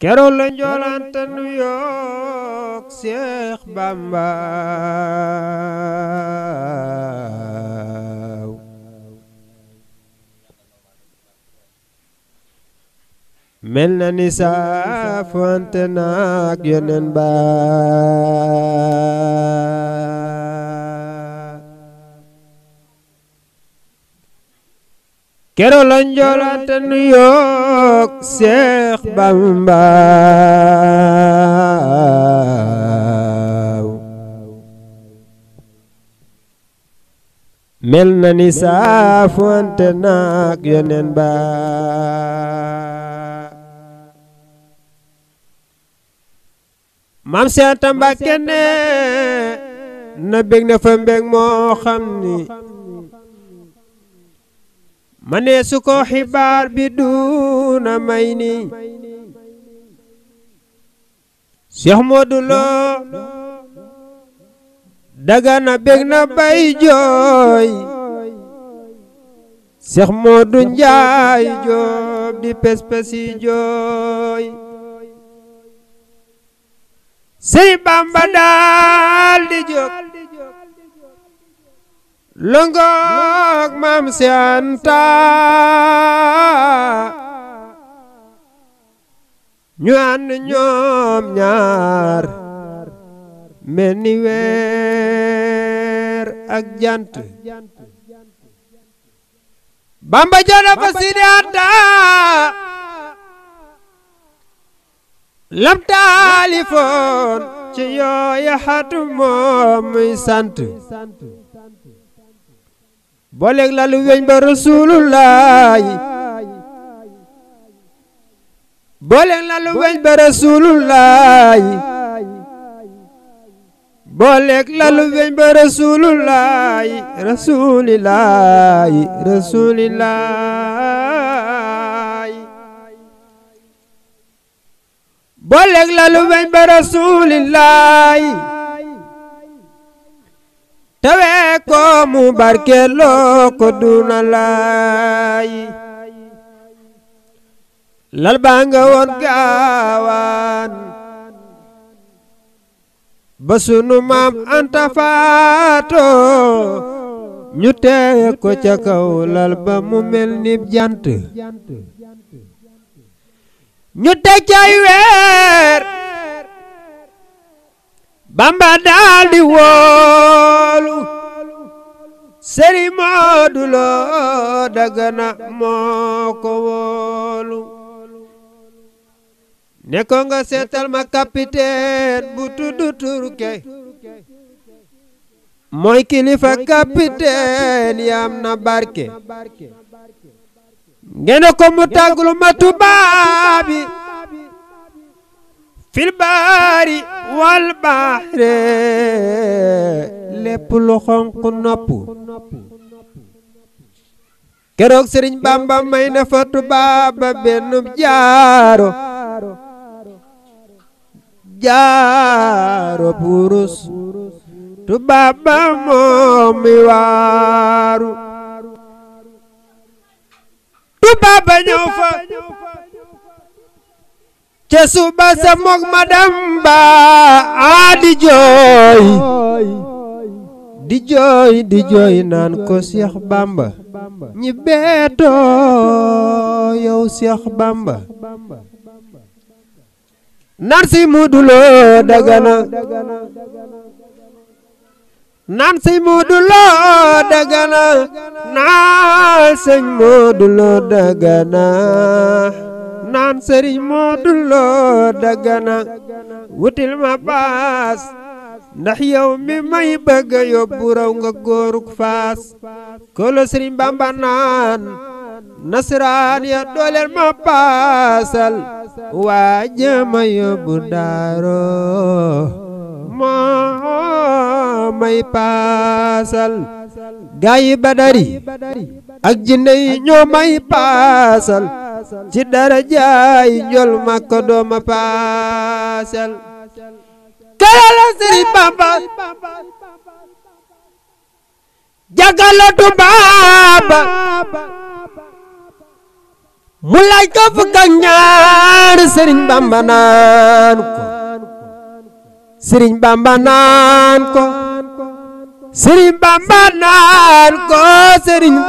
keroog la jolante nu York cheikh Bamba mel na ni saafonte ak yenen ba keroog la njoolante nu cheikh Seex Bamba mel na ni saafonte naak yoneen ba maam Seex Anta Mbàkke ne na bég na fa mbég moo xam ni mane suko hibar bidu bi duuna may Cheikh Modou Lo Dagana begna na bay joy Cheikh Modou Njaay job di pespesi joy Sëriñ Bamba dal di jóg longook maam si anta ñu ànd ñoom ñaar mel ni weer ak jant bamba jana fa sidi anta lam taalifoon ci yooya xatu moom muy sant booleeg la lu weñ ba rasulullaahi booleeg la lu weñ ba la ko mu barkeeloo ko duna laay lal baa nga woon gaawaan ba sunu maam Anta ñu teye ko ca kaw lal ba mu mel ni jant ñu teg cay weer bamba daal di Sëriñ Moodu Lo Dagana moo ko woolu ne ko nga seetal ma capitaine bu tuddu mooy kilifa capitaine yaam na barke ngene ko mu tàggul ma tubaabi fil baari wal baare lépp lu xonq nopp Kerok sering bamba main foto baba tubaaba jaro jaro purus tu baba momi waru tu baba fa adi suba sa madam ba di joy di joy nan ko Cheikh Bamba ñi beto yow Cheikh Bamba si Dagana narsi sëñ Dagana naan sëñ mudulo Dagana nan sëriñ Dagana wutil ma pass ndax yow mi may bëgg a yóbbu raw nga góorug faas kolo sëriñ bamba naan nasaraan ya dooleel ma paasal waa jëma yóbbu daaro ma may paasal gaay yi badari ak jinne yi ñoo may paasal ci dara jaay njol ko dooma paasal kërala Sëriñ Bamba jagalatu baaba mu laaj ko fukk ñaar Sëriñ Bamba naan ko Sëriñ Bamba naan ko Sëriñ Bamba naan ko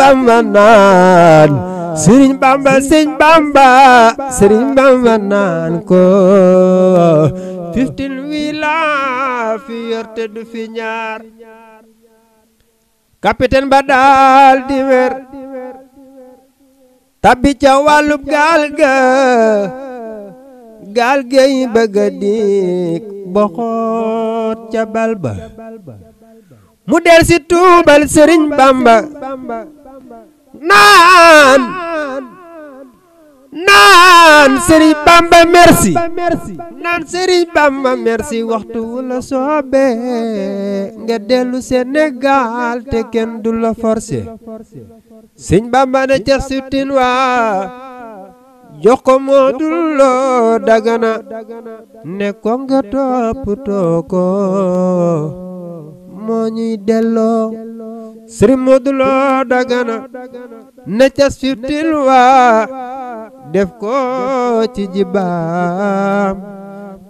Bamba naan Bamba Sëriñ Bamba Sëriñ Bamba naan ko fiftin wila fi yorte du fi ñaar capitaine badal di wer tabbi ca wàllub gaal ga gaal gay bëgg a boxoot ca bal ba mu del si tuubal sëriñ bamba naan naan naan sëriñ bamba merci naan sëriñ bamba merci waxtu la soobe nga dellu Sénégal te kenn du la forcé sëñ bamba na ceex suttin waa jox ko moo dul dagana ne ca sutil waa def ko ci jibaam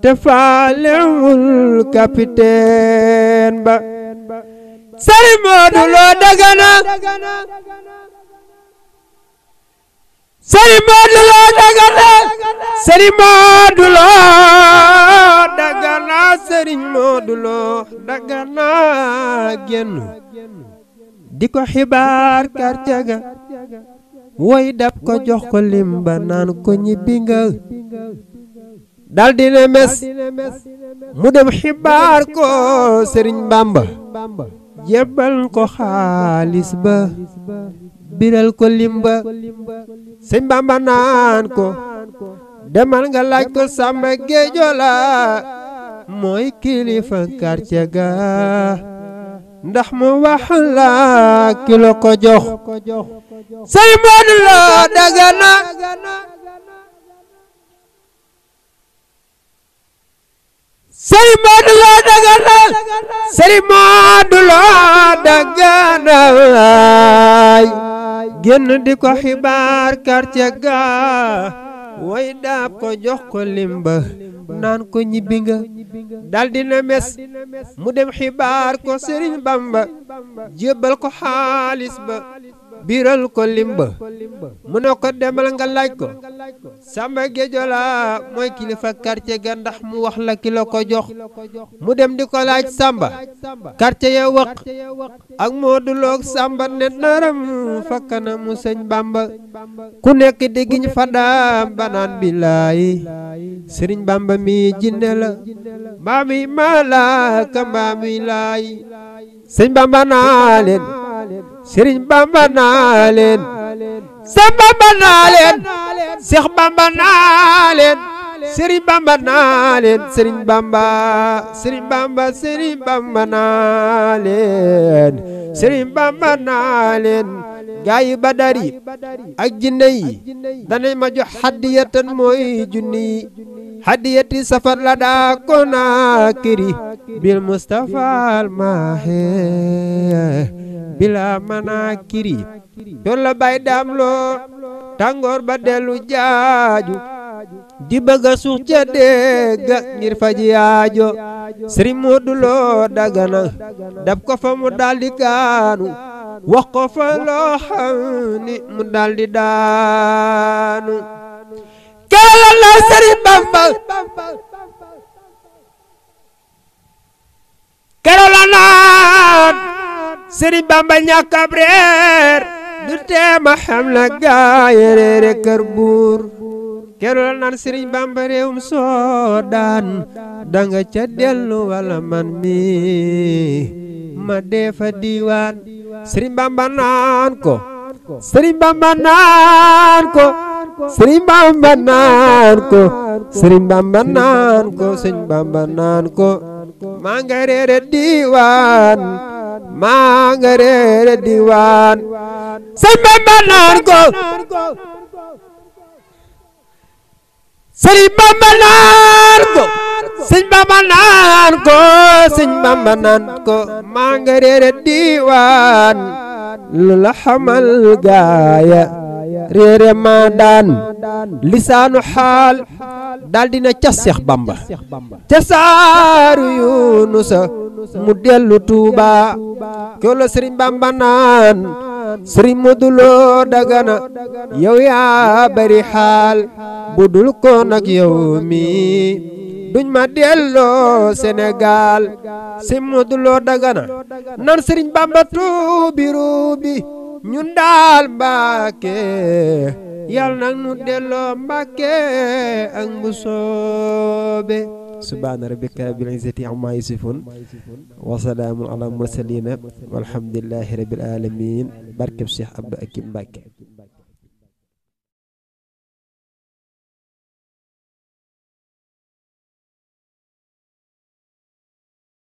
te faalewul capitaine ba sëriñ Modou Lo Dagana sëriñ Modou Lo Dagana sëriñ Modou Lo Dagana sëriñ di ko xibaar kàr way dab ko jox ko lim ba nan ko ñibi nga dal dina mes mu dem xibar ko serigne bamba jébbal ko khalis ba biral ko lim ba sëriñ bamba nan ko demal nga laaj ko sàmba géejo moy kilifa quartier ndax mu wax laa ki ko jox sëy Moodu Lo Dagana sëy Moodu Lo Dagana sëy Moodu di ko xibaar quartier ga woy daab ko jox ko limba naan ko ñibbi nga daldi na mes mu dem xibaar ko Sëriñ Bamba jébbal ko xaalis ba biral ko limba muno ko demal nga laaj ko sama gejola la mooy kilifa quartier ga ndax mu wax la jox mu dem di laaj Samba quartier ya wax ya ak Modou lok Samba ne naram fakana mu sëñ Bamba ku nek di giñ fa daam banaan Bamba mi jindela mami mala kamba billahi mbaam Bamba na len sëriñ bamba naa leen sëñ bamba naa leen seex bamba naa leen bamba naa leen bamba sëriñ bamba sëriñ bamba bamba naa leen gaa ak jinne yi danañ ma jox junni hadiyati safar la ko naa bil mustafa al maahe bila mana kiri, bay damlo tangor ba dellu jaaju di baga a jade gak ngir faji yaajo sri modulo Dagana dab ko famu mu daldi kaanu wax ko fa lo xam mu daldi daanu la sri Bamba Sri bamba ñàkk ab reer du teema xam la gaaye reere kër buur keru danga lu walaman mi ma fadiwan seri Sri bamba naan ko sëriñ bamba naan ko sëriñ bamba naan ko bamba naan ko bamba ko maa nga reere diwaan lu la gaaya réere ma daan lisaanu xaal daldi na ca Seex Bamba ca saaru Yunusa mu dellu Tuuba kolo Sëriñ Bamba naan Sëriñ Modu Lo Dagana yow yaa bari xaal bu dul ko nag yow mi duñ ma delloo Sénégal Sëriñ Modu Lo Dagana nan Sëriñ Bamba tuubi ruubi ñun daal Mbàkke yal nag nu delloo Mbàkke ak bu soobe subhaana rabbika bil izzati amma yasifun wa salaamun ala mursalina walhamdulillahi rabbil alamin barkeb Cheikh Abdou Akim Mbàkke